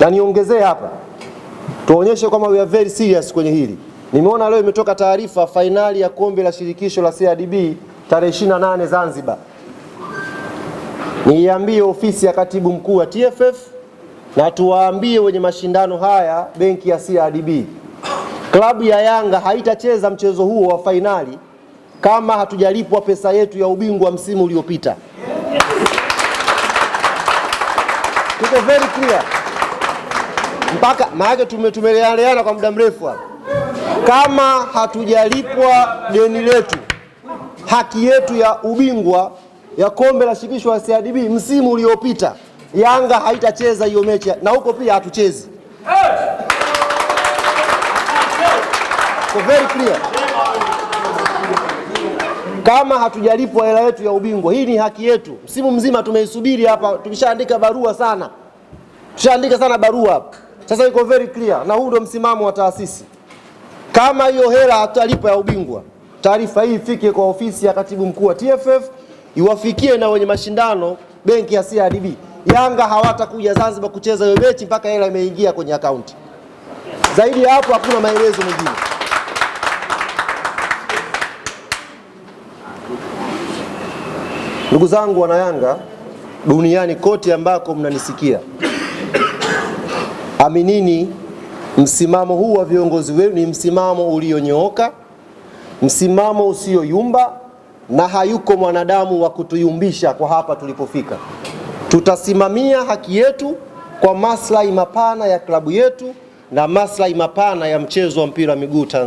Na niongezee hapa, tuonyeshe kwamba we are very serious kwenye hili. Nimeona leo imetoka taarifa fainali ya kombe la shirikisho la CRDB tarehe 28 Zanzibar. Niiambie ofisi ya katibu mkuu wa TFF na tuwaambie wenye mashindano haya, benki ya CRDB, klabu ya Yanga haitacheza mchezo huo wa fainali kama hatujalipwa pesa yetu ya ubingwa msimu uliopita. Tuko very clear mpaka maana tumetumeleana kwa muda mrefu hapa. Kama hatujalipwa deni letu, haki yetu ya ubingwa ya kombe la shirikisho la CRDB msimu uliopita, Yanga haitacheza hiyo mechi na huko pia hatuchezi. So very clear. Kama hatujalipwa hela yetu ya ubingwa, hii ni haki yetu. Msimu mzima tumeisubiri hapa, tumeshaandika barua sana, tumeshaandika sana barua hapa. Sasa iko very clear, na huu ndio msimamo wa taasisi. Kama hiyo hela atalipa ya ubingwa, taarifa hii ifike kwa ofisi ya katibu mkuu wa TFF, iwafikie na wenye mashindano benki ya CRDB. Yanga hawatakuja Zanzibar kucheza hiyo mechi mpaka hela imeingia kwenye akaunti. Zaidi ya hapo hakuna maelezo mengine. Ndugu zangu wana Yanga duniani kote ambako mnanisikia Aminini, msimamo huu wa viongozi wenu ni msimamo ulionyooka, msimamo usioyumba, na hayuko mwanadamu wa kutuyumbisha kwa hapa tulipofika. Tutasimamia haki yetu kwa maslahi mapana ya klabu yetu na maslahi mapana ya mchezo wa mpira wa miguu Tanzania.